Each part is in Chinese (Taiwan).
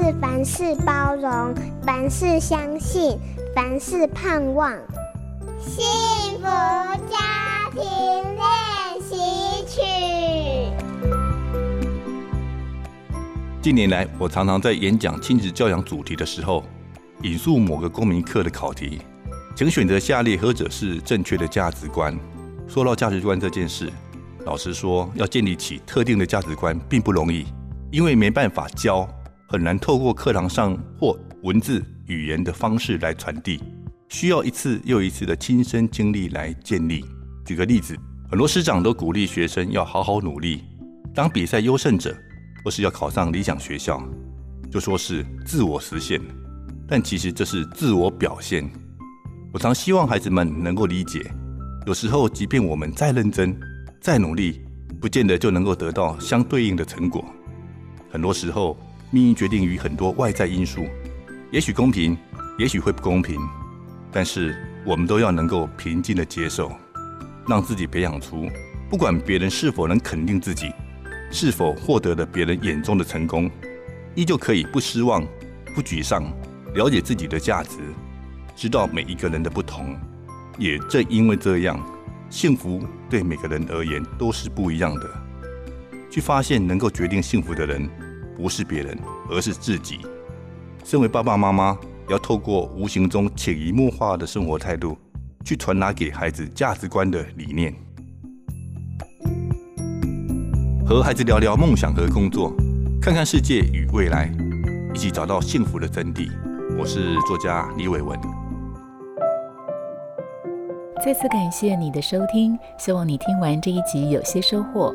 是凡事包容，凡事相信，凡事盼望。幸福家庭練習曲。近年來，我常常在演講親子教養主題的時候，引述某個公民課的考題，請選擇下列何者是正確的價值觀。說到價值觀這件事，老實說，要建立起特定的價值觀並不容易，因為沒辦法教。很難透過課堂上或文字語言的方式來傳遞，需要一次又一次的親身經歷來建立。舉個例子，很多師長都鼓勵學生要好好努力，當比賽優勝者，或是要考上理想學校，就說是自我實現。但其實這是自我表現。我常希望孩子們能夠理解，有時候即便我們再認真、再努力，不見得就能夠得到相對應的成果。很多時候。命運決定於很多外在因素，也許公平，也許會不公平，但是我們都要能夠平靜的接受，讓自己培養出不管別人是否能肯定自己，是否獲得了別人眼中的成功，依舊可以不失望、不沮喪，了解自己的價值，知道每一個人的不同，也正因為這樣，幸福對每個人而言都是不一樣的。去發現能夠決定幸福的人。不是別人，而是自己。身為爸爸媽媽，要透過無形中潛移默化的生活態度，去傳達給孩子價值觀的理念。和孩子聊聊夢想和工作，看看世界與未來，一起找到幸福的真諦。我是作家李偉文。再次感謝你的收聽，希望你聽完這一集有些收穫。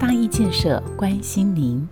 大毅建設關心您。